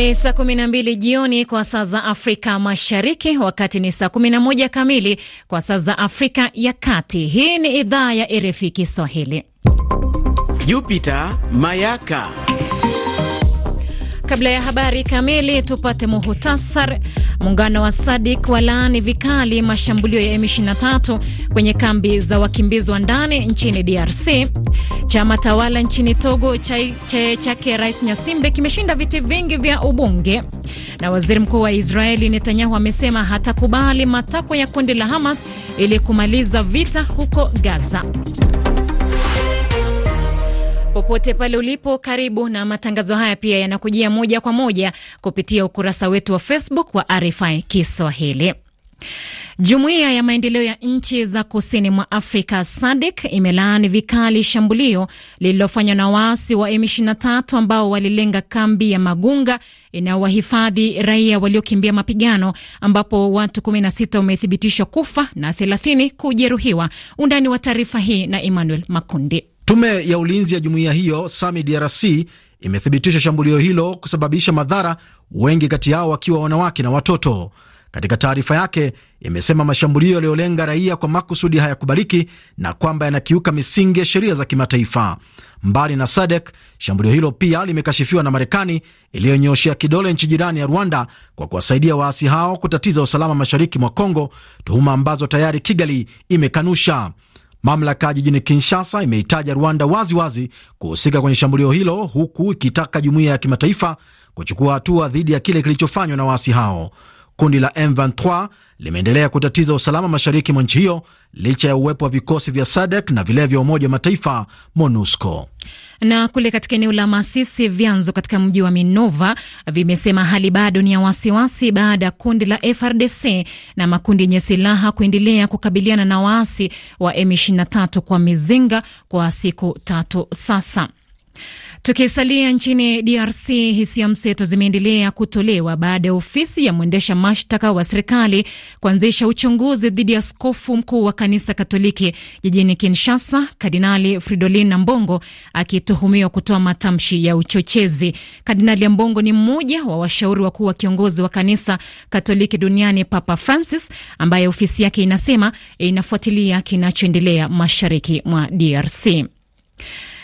Ni saa 12 jioni kwa saa za Afrika Mashariki, wakati ni saa 11 kamili kwa saa za Afrika ya Kati. Hii ni idhaa ya RFI Kiswahili. Jupiter Mayaka. Kabla ya habari kamili, tupate muhutasar. Muungano wa Sadik walaani vikali mashambulio ya M23 kwenye kambi za wakimbizi wa ndani nchini DRC. Chama tawala nchini Togo chake cha, cha, Rais Nyasimbe kimeshinda viti vingi vya ubunge, na waziri mkuu wa Israeli Netanyahu amesema hatakubali matakwa ya kundi la Hamas ili kumaliza vita huko Gaza. Popote pale ulipo, karibu na matangazo haya. Pia yanakujia moja kwa moja kupitia ukurasa wetu wa Facebook wa RFI Kiswahili. Jumuiya ya maendeleo ya nchi za kusini mwa Afrika SADC imelaani vikali shambulio lililofanywa na waasi wa M23 ambao walilenga kambi ya Magunga inayowahifadhi raia waliokimbia mapigano, ambapo watu 16 wamethibitishwa kufa na 30 kujeruhiwa. Undani wa taarifa hii na Emmanuel Makundi. Tume ya ulinzi ya jumuiya hiyo SAMI DRC imethibitisha shambulio hilo kusababisha madhara, wengi kati yao wakiwa wanawake na watoto. Katika taarifa yake imesema mashambulio yaliyolenga raia kwa makusudi hayakubaliki na kwamba yanakiuka misingi ya sheria za kimataifa. Mbali na SADC, shambulio hilo pia limekashifiwa na Marekani iliyonyoshea kidole nchi jirani ya Rwanda kwa kuwasaidia waasi hao kutatiza usalama mashariki mwa Kongo, tuhuma ambazo tayari Kigali imekanusha. Mamlaka jijini Kinshasa imeitaja Rwanda waziwazi wazi kuhusika kwenye shambulio hilo, huku ikitaka jumuiya ya kimataifa kuchukua hatua dhidi ya kile kilichofanywa na waasi hao. Kundi la M23 limeendelea kutatiza usalama mashariki mwa nchi hiyo licha ya uwepo wa vikosi vya SADEK na vile vya Umoja wa Mataifa MONUSCO. Na kule katika eneo la Masisi, vyanzo katika mji wa Minova vimesema hali bado ni ya wasiwasi baada ya kundi la FRDC na makundi yenye silaha kuendelea kukabiliana na waasi wa M23 kwa mizinga kwa siku tatu sasa. Tukisalia nchini DRC, hisia mseto zimeendelea kutolewa baada ya ofisi ya mwendesha mashtaka wa serikali kuanzisha uchunguzi dhidi ya askofu mkuu wa kanisa Katoliki jijini Kinshasa, Kardinali Fridolin Nambongo akituhumiwa kutoa matamshi ya uchochezi. Kardinali Nambongo ni mmoja wa washauri wakuu wa kiongozi wa kanisa Katoliki duniani Papa Francis, ambaye ofisi yake inasema inafuatilia kinachoendelea mashariki mwa DRC.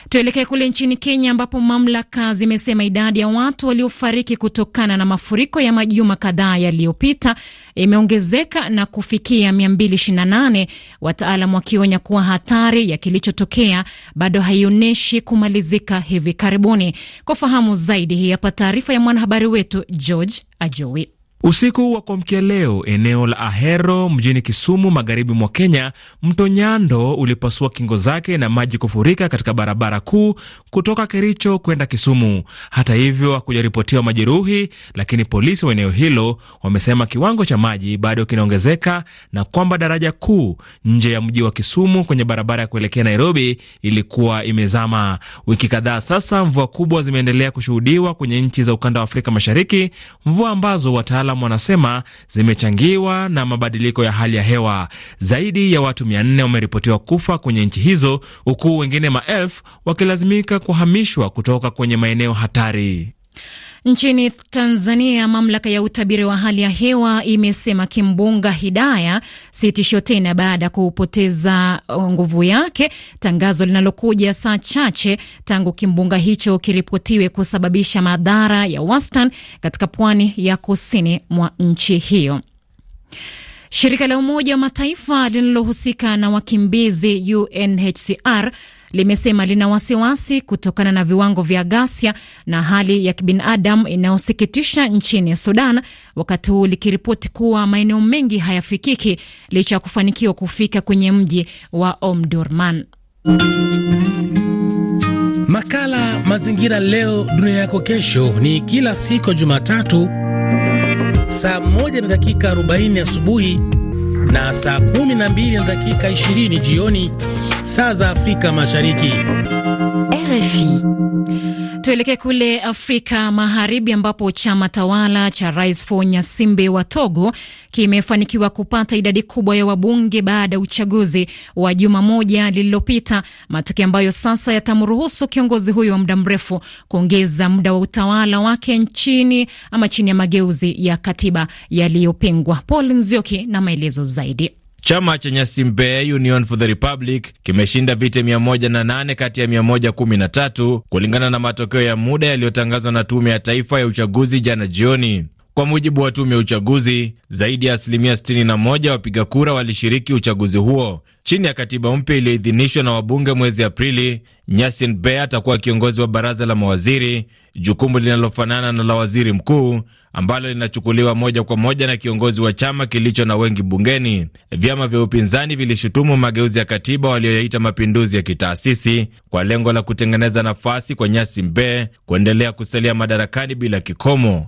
Tuelekee kule nchini Kenya ambapo mamlaka zimesema idadi ya watu waliofariki kutokana na mafuriko ya majuma kadhaa yaliyopita imeongezeka na kufikia 228, wataalam wakionya kuwa hatari ya kilichotokea bado haionyeshi kumalizika hivi karibuni. Kwa fahamu zaidi, hii hapa taarifa ya mwanahabari wetu George Ajowi. Usiku wa kuamkia leo, eneo la Ahero mjini Kisumu, magharibi mwa Kenya, mto Nyando ulipasua kingo zake na maji kufurika katika barabara kuu kutoka Kericho kwenda Kisumu. Hata hivyo, hakujaripotiwa majeruhi, lakini polisi wa eneo hilo wamesema kiwango cha maji bado kinaongezeka na kwamba daraja kuu nje ya mji wa Kisumu kwenye barabara ya kuelekea Nairobi ilikuwa imezama. Wiki kadhaa sasa, mvua kubwa zimeendelea kushuhudiwa kwenye nchi za ukanda wa Afrika Mashariki, mvua ambazo wataalam wataalamu wanasema zimechangiwa na mabadiliko ya hali ya hewa. Zaidi ya watu nne wameripotiwa kufa kwenye nchi hizo, huku wengine maelfu wakilazimika kuhamishwa kutoka kwenye maeneo hatari. Nchini Tanzania, mamlaka ya utabiri wa hali ya hewa imesema kimbunga Hidaya si tishio tena baada ya kupoteza uh, nguvu yake, tangazo linalokuja saa chache tangu kimbunga hicho kiripotiwe kusababisha madhara ya wastani katika pwani ya kusini mwa nchi hiyo. Shirika la Umoja wa Mataifa linalohusika na wakimbizi UNHCR limesema lina wasiwasi kutokana na viwango vya ghasia na hali ya kibinadamu inayosikitisha nchini Sudan, wakati huu likiripoti kuwa maeneo mengi hayafikiki licha ya kufanikiwa kufika kwenye mji wa Omdurman. Makala Mazingira Leo Dunia Yako Kesho ni kila siku Jumatatu saa 1 na dakika 40 asubuhi na saa 12 na dakika 20 jioni saa za Afrika Mashariki. RFI. Tuelekee kule Afrika Magharibi ambapo chama tawala cha Rais fo nyasimbe wa Togo kimefanikiwa kupata idadi kubwa ya wabunge baada ya uchaguzi wa juma moja lililopita, matokeo ambayo sasa yatamruhusu kiongozi huyo wa muda mrefu kuongeza muda wa utawala wake nchini ama chini ya mageuzi ya katiba yaliyopingwa. Paul Nzioki na maelezo zaidi. Chama cha Nyasimbe Union for the Republic kimeshinda viti 108 kati ya 113 kulingana na matokeo ya muda yaliyotangazwa na Tume ya Taifa ya Uchaguzi jana jioni. Kwa mujibu wa tume ya uchaguzi, zaidi ya asilimia 61 wapiga kura walishiriki uchaguzi huo. Chini ya katiba mpya iliyoidhinishwa na wabunge mwezi Aprili, Nyasin Be atakuwa kiongozi wa baraza la mawaziri, jukumu linalofanana na la waziri mkuu ambalo linachukuliwa moja kwa moja na kiongozi wa chama kilicho na wengi bungeni. Vyama vya upinzani vilishutumu mageuzi ya katiba walioyaita mapinduzi ya kitaasisi kwa lengo la kutengeneza nafasi kwa Nyasin Bey kuendelea kusalia madarakani bila kikomo.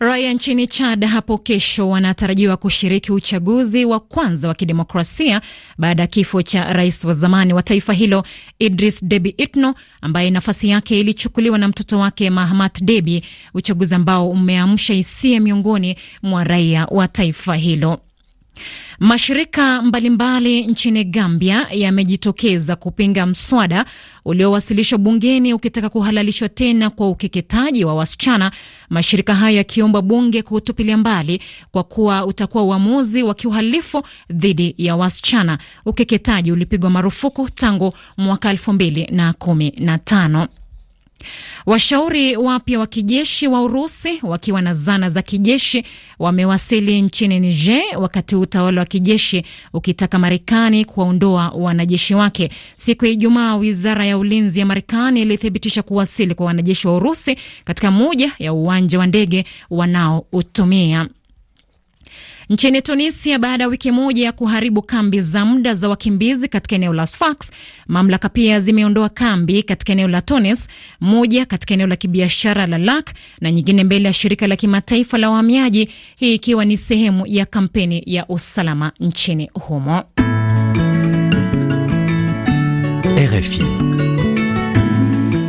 Raia nchini Chad hapo kesho wanatarajiwa kushiriki uchaguzi wa kwanza wa kidemokrasia baada ya kifo cha rais wa zamani wa taifa hilo Idris Debi Itno, ambaye nafasi yake ilichukuliwa na mtoto wake Mahamat Debi, uchaguzi ambao umeamsha hisia miongoni mwa raia wa taifa hilo. Mashirika mbalimbali nchini Gambia yamejitokeza kupinga mswada uliowasilishwa bungeni ukitaka kuhalalishwa tena kwa ukeketaji wa wasichana, mashirika hayo yakiomba bunge kuutupilia mbali kwa kuwa utakuwa uamuzi wa kiuhalifu dhidi ya wasichana. Ukeketaji ulipigwa marufuku tangu mwaka elfu mbili na kumi na tano. Washauri wapya wa kijeshi wa Urusi wakiwa na zana za kijeshi wamewasili nchini Niger, wakati utawala wa kijeshi ukitaka Marekani kuwaondoa wanajeshi wake. Siku ya Ijumaa, wizara ya ulinzi ya Marekani ilithibitisha kuwasili kwa wanajeshi wa Urusi katika moja ya uwanja wa ndege wanaoutumia. Nchini Tunisia, baada ya wiki moja ya kuharibu kambi za muda za wakimbizi katika eneo la Sfax, mamlaka pia zimeondoa kambi katika eneo la Tunis, moja katika eneo la kibiashara la Lak na nyingine mbele ya shirika la kimataifa la wahamiaji, hii ikiwa ni sehemu ya kampeni ya usalama nchini humo. RFI.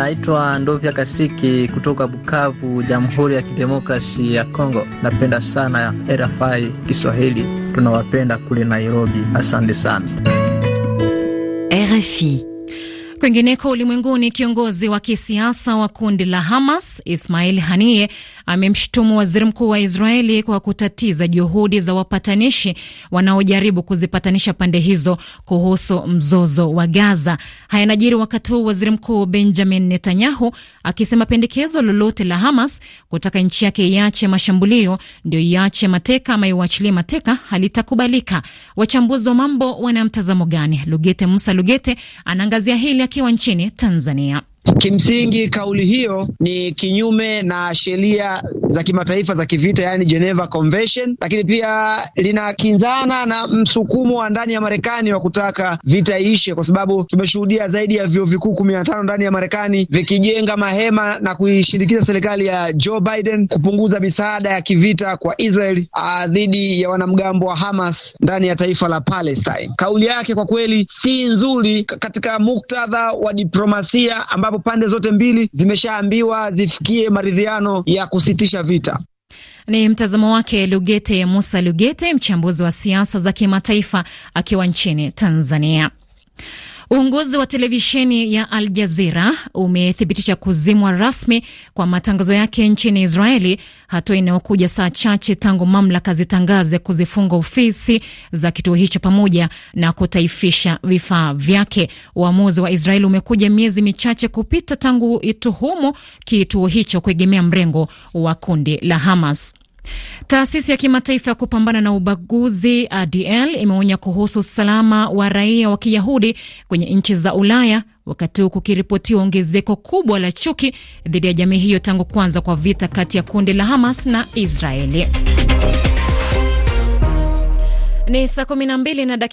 Naitwa Ndovya Kasiki kutoka Bukavu, Jamhuri ya Kidemokrasi ya Kongo. Napenda sana RFI Kiswahili, tunawapenda kule Nairobi. Asante sana RFI. Kwingineko ulimwenguni, kiongozi wa kisiasa wa kundi la Hamas Ismail Haniye amemshutumu waziri mkuu wa Israeli kwa kutatiza juhudi za wapatanishi wanaojaribu kuzipatanisha pande hizo kuhusu mzozo wa Gaza. Haya najiri wakati huu waziri mkuu Benjamin Netanyahu akisema pendekezo lolote la Hamas kutaka nchi yake iache mashambulio ndio iache mateka ama iwachilie mateka halitakubalika. Wachambuzi wa mambo wana mtazamo gani? Lugete Musa Lugete anaangazia hili wa nchini Tanzania. Kimsingi kauli hiyo ni kinyume na sheria za kimataifa za kivita, yani Geneva Convention, lakini pia linakinzana na msukumo wa ndani ya Marekani wa kutaka vita ishe, kwa sababu tumeshuhudia zaidi ya vyuo vikuu kumi na tano ndani ya Marekani vikijenga mahema na kuishindikiza serikali ya Joe Biden kupunguza misaada ya kivita kwa Israel ah, dhidi ya wanamgambo wa Hamas ndani ya taifa la Palestine. Kauli yake kwa kweli si nzuri katika muktadha wa diplomasia ambapo ambapo pande zote mbili zimeshaambiwa zifikie maridhiano ya kusitisha vita. Ni mtazamo wake Lugete Musa Lugete, mchambuzi wa siasa za kimataifa akiwa nchini Tanzania. Uongozi wa televisheni ya Al Jazira umethibitisha kuzimwa rasmi kwa matangazo yake nchini Israeli, hatua inayokuja saa chache tangu mamlaka zitangaze kuzifunga ofisi za kituo hicho pamoja na kutaifisha vifaa vyake. Uamuzi wa Israeli umekuja miezi michache kupita tangu ituhumu kituo hicho kuegemea mrengo wa kundi la Hamas. Taasisi ya kimataifa ya kupambana na ubaguzi ADL imeonya kuhusu usalama wa raia wa Kiyahudi kwenye nchi za Ulaya, wakati huu kukiripotiwa ongezeko kubwa la chuki dhidi ya jamii hiyo tangu kuanza kwa vita kati ya kundi la Hamas na Israeli. Ni saa 12 na